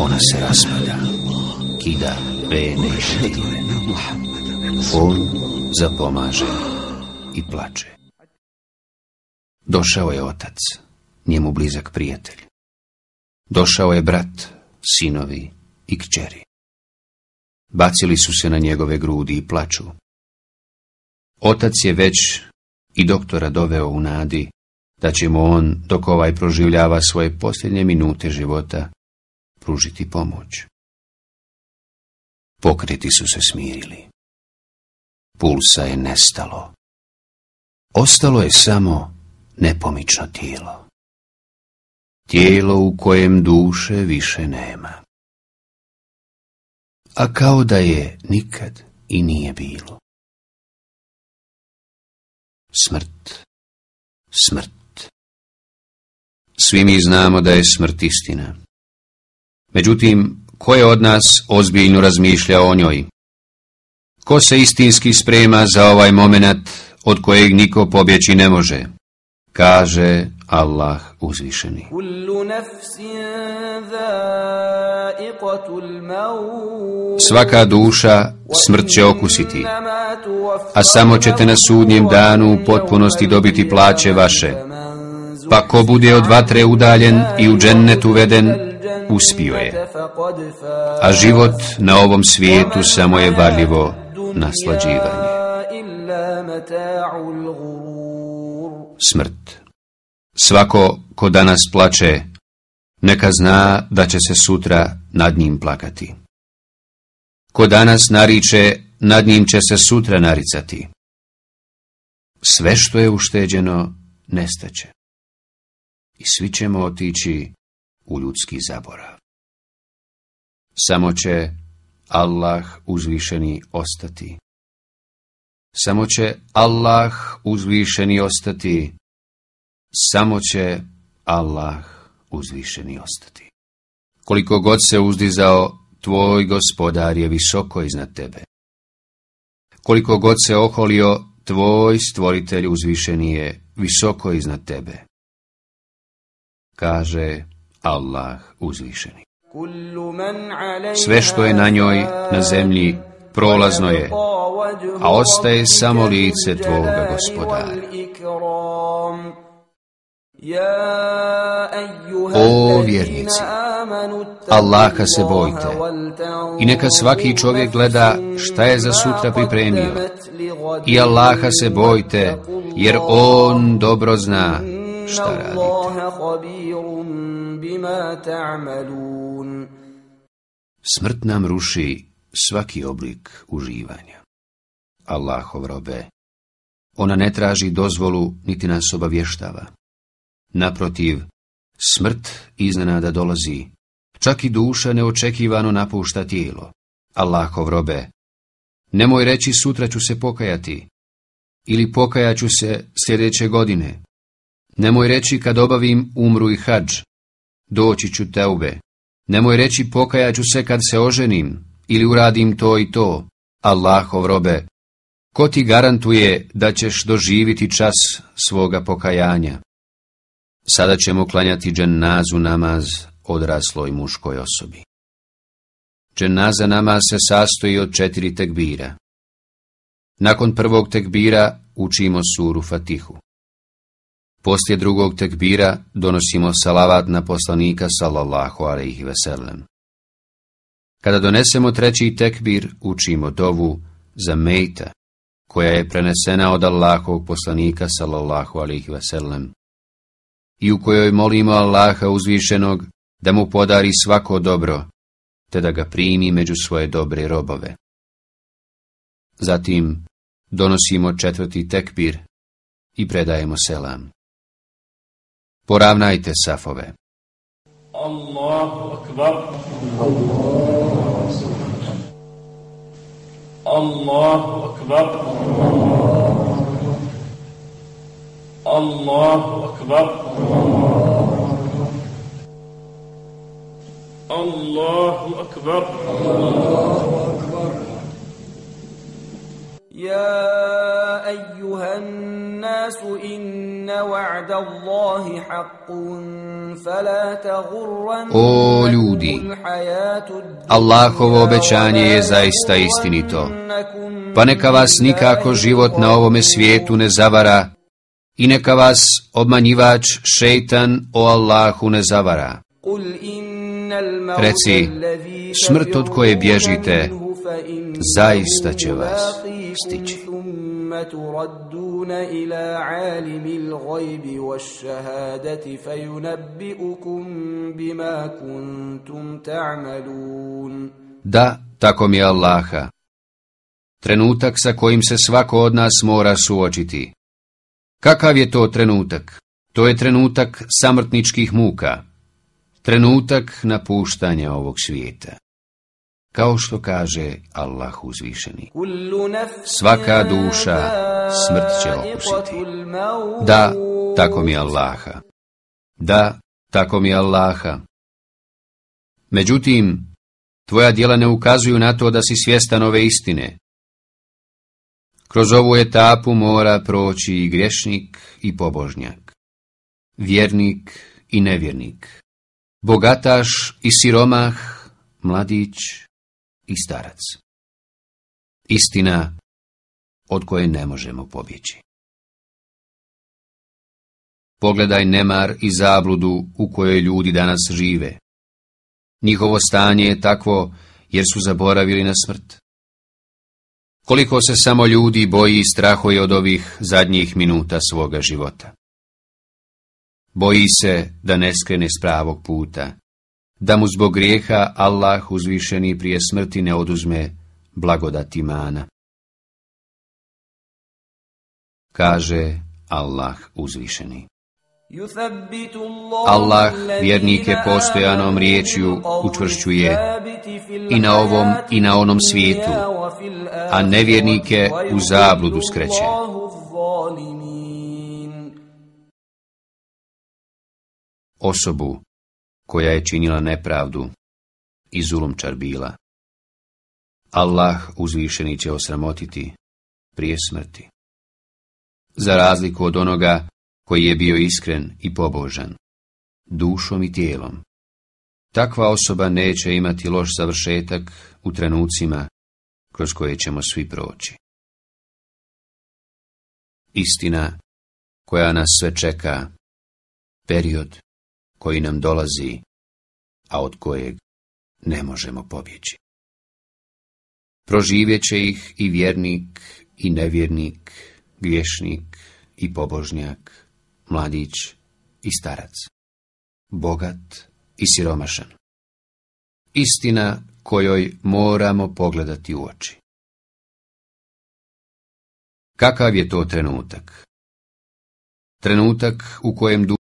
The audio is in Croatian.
ona se raspada, kida pene i šetine. On zapomaže i plače. Došao je otac, njemu blizak prijatelj. Došao je brat, sinovi i kćeri. Bacili su se na njegove grudi i plaču. Otac je već i doktora doveo u nadi da će mu on, dok ovaj proživljava svoje posljednje minute života, pružiti pomoć. Pokreti su se smirili. Pulsa je nestalo. Ostalo je samo nepomično tijelo. Tijelo u kojem duše više nema. A kao da je nikad i nije bilo. Smrt, smrt. Svi mi znamo da je smrt istina. Međutim, ko je od nas ozbiljno razmišljao o njoj? Ko se istinski sprema za ovaj moment od kojeg niko pobjeći ne može? Kaže Allah uzvišeni. Svaka duša smrt će okusiti, a samo ćete na sudnjem danu u potpunosti dobiti plaće vaše. Pa ko bude od vatre udaljen i u džennet uveden, uspio je. A život na ovom svijetu samo je varljivo naslađivanje. Smrt. Svako ko danas plače, neka zna da će se sutra nad njim plakati. Ko danas nariče, nad njim će se sutra naricati. Sve što je ušteđeno, nestaće. I svi ćemo otići u ljudski zaborav. Samo će Allah uzvišeni ostati. Samo će Allah uzvišeni ostati. Samo će Allah uzvišeni ostati. Koliko god se uzdizao, tvoj gospodar je visoko iznad tebe. Koliko god se oholio, tvoj stvoritelj uzvišeni je visoko iznad tebe. Kaže Allah uzvišeni. Sve što je na njoj, na zemlji, prolazno je, a ostaje samo lice Tvoga gospodara. O vjernici, Allaha se bojte i neka svaki čovjek gleda šta je za sutra pripremio. I Allaha se bojte, jer On dobro zna šta radite. Smrt nam ruši svaki oblik uživanja. Allahov robe, ona ne traži dozvolu niti nas obavještava. Naprotiv, smrt iznenada dolazi, čak i duša neočekivano napušta tijelo. Allahov robe, nemoj reći sutra ću se pokajati, ili pokajaću se sljedeće godine, Nemoj reći kad obavim umru i hađ, doći ću teube. Nemoj reći pokajaću se kad se oženim ili uradim to i to, Allahov robe. Ko ti garantuje da ćeš doživiti čas svoga pokajanja? Sada ćemo klanjati dženazu namaz odrasloj muškoj osobi. Dženaza namaz se sastoji od četiri tekbira. Nakon prvog tekbira učimo suru Fatihu. Poslije drugog tekbira donosimo salavat na poslanika sallallahu alaihi veselem. Kada donesemo treći tekbir, učimo dovu za mejta, koja je prenesena od Allahovog poslanika sallallahu alaihi veselem, i u kojoj molimo Allaha uzvišenog da mu podari svako dobro, te da ga primi među svoje dobre robove. Zatim donosimo četvrti tekbir i predajemo selam. Poravnajte safove. Allahu akbar. Allahu akbar. Allahu akbar. Allahu akbar. Allahu akbar. Ya أيها الناس إن O ljudi, Allahovo obećanje je zaista istinito, pa neka vas nikako život na ovome svijetu ne zavara i neka vas obmanjivač šeitan o Allahu ne zavara. Reci, smrt od koje bježite, zaista će vas stići. Da, tako mi je Allaha. Trenutak sa kojim se svako od nas mora suočiti. Kakav je to trenutak? To je trenutak samrtničkih muka. Trenutak napuštanja ovog svijeta. Kao što kaže Allah uzvišeni, svaka duša smrt će okusiti. Da, tako mi Allaha. Da, tako mi Allaha. Međutim, tvoja djela ne ukazuju na to da si svjestan ove istine. Kroz ovu etapu mora proći i grešnik i pobožnjak, vjernik i nevjernik, bogataš i siromah, mladić i starac. Istina od koje ne možemo pobjeći. Pogledaj nemar i zabludu u kojoj ljudi danas žive. Njihovo stanje je takvo jer su zaboravili na smrt. Koliko se samo ljudi boji i strahuje od ovih zadnjih minuta svoga života. Boji se da ne skrene s pravog puta, da mu zbog grijeha Allah uzvišeni prije smrti ne oduzme blagodat imana. Kaže Allah uzvišeni. Allah vjernike postojanom riječju učvršćuje i na ovom i na onom svijetu, a nevjernike u zabludu skreće. Osobu koja je činila nepravdu i zulumčar bila. Allah uzvišeni će osramotiti prije smrti. Za razliku od onoga koji je bio iskren i pobožan, dušom i tijelom. Takva osoba neće imati loš završetak u trenucima kroz koje ćemo svi proći. Istina koja nas sve čeka, period koji nam dolazi, a od kojeg ne možemo pobjeći. Proživjet će ih i vjernik, i nevjernik, griješnik, i pobožnjak, mladić i starac, bogat i siromašan. Istina kojoj moramo pogledati u oči. Kakav je to trenutak? Trenutak u kojem